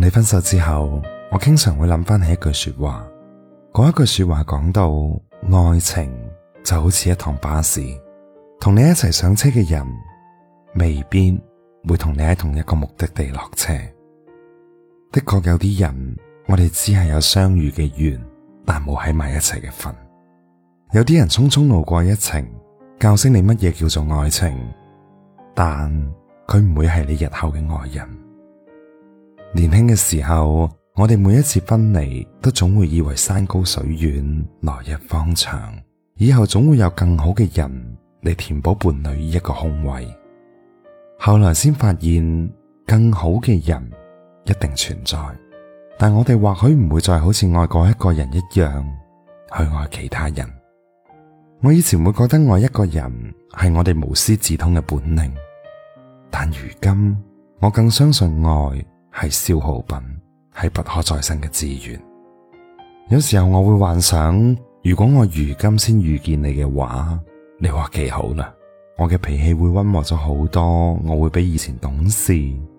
同你分手之後，我經常會諗翻起一句說話，嗰一句說話講到：愛情就好似一趟巴士，同你一齊上車嘅人，未必會同你喺同一個目的地落車。的確有啲人，我哋只係有相遇嘅緣，但冇喺埋一齊嘅份。有啲人匆匆路過一程，教識你乜嘢叫做愛情，但佢唔會係你日後嘅愛人。年輕嘅時候，我哋每一次分離，都總會以為山高水遠，來日方長，以後總會有更好嘅人嚟填補伴侶一個空位。後來先發現，更好嘅人一定存在，但我哋或許唔會再好似愛過一個人一樣去愛其他人。我以前會覺得愛一個人係我哋無師自通嘅本領，但如今我更相信愛。係消耗品，係不可再生嘅資源。有時候我會幻想，如果我如今先遇見你嘅話，你話幾好啦？我嘅脾氣會溫和咗好多，我會比以前懂事、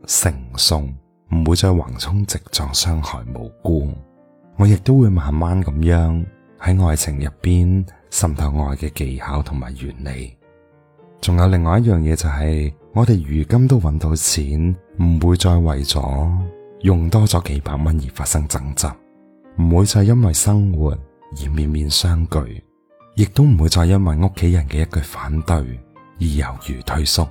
成熟，唔會再橫衝直撞傷害無辜。我亦都會慢慢咁樣喺愛情入邊滲透愛嘅技巧同埋原理。仲有另外一樣嘢就係。我哋如今都揾到錢，唔會再為咗用多咗幾百蚊而發生爭執，唔會再因為生活而面面相覷，亦都唔會再因為屋企人嘅一句反對而猶豫退縮。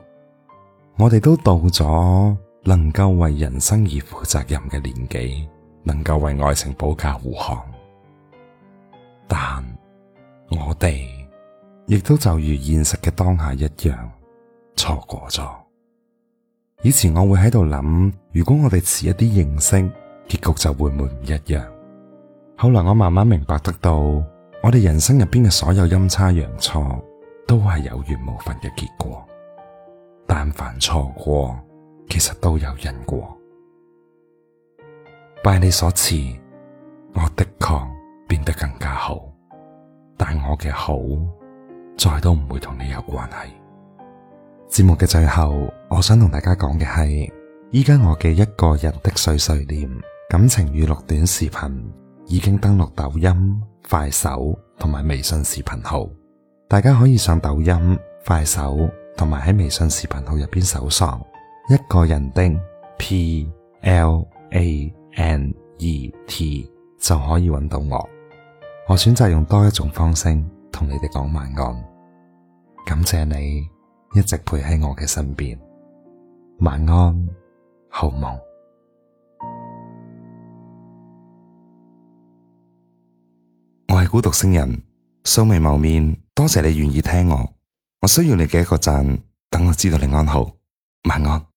我哋都到咗能夠為人生而負責任嘅年紀，能夠為愛情保駕護航，但我哋亦都就如現實嘅當下一樣。錯過咗，以前我會喺度諗，如果我哋遲一啲認識，結局就會唔一樣。後來我慢慢明白得到，我哋人生入邊嘅所有陰差陽錯，都係有緣無份嘅結果。但凡錯過，其實都有因果。拜你所賜，我的確變得更加好，但我嘅好，再都唔會同你有關係。節目嘅最後，我想同大家講嘅係，依家我嘅一個人的碎碎念感情語錄短視頻已經登錄抖音、快手同埋微信視頻號，大家可以上抖音、快手同埋喺微信視頻號入邊搜索一個人的 p l a n e t 就可以揾到我。我選擇用多一種方式同你哋講晚安，感謝你。一直陪喺我嘅身邊，晚安，好夢。我係孤獨星人，素未謀面，多謝你願意聽我。我需要你嘅一個讚，等我知道你安好。晚安。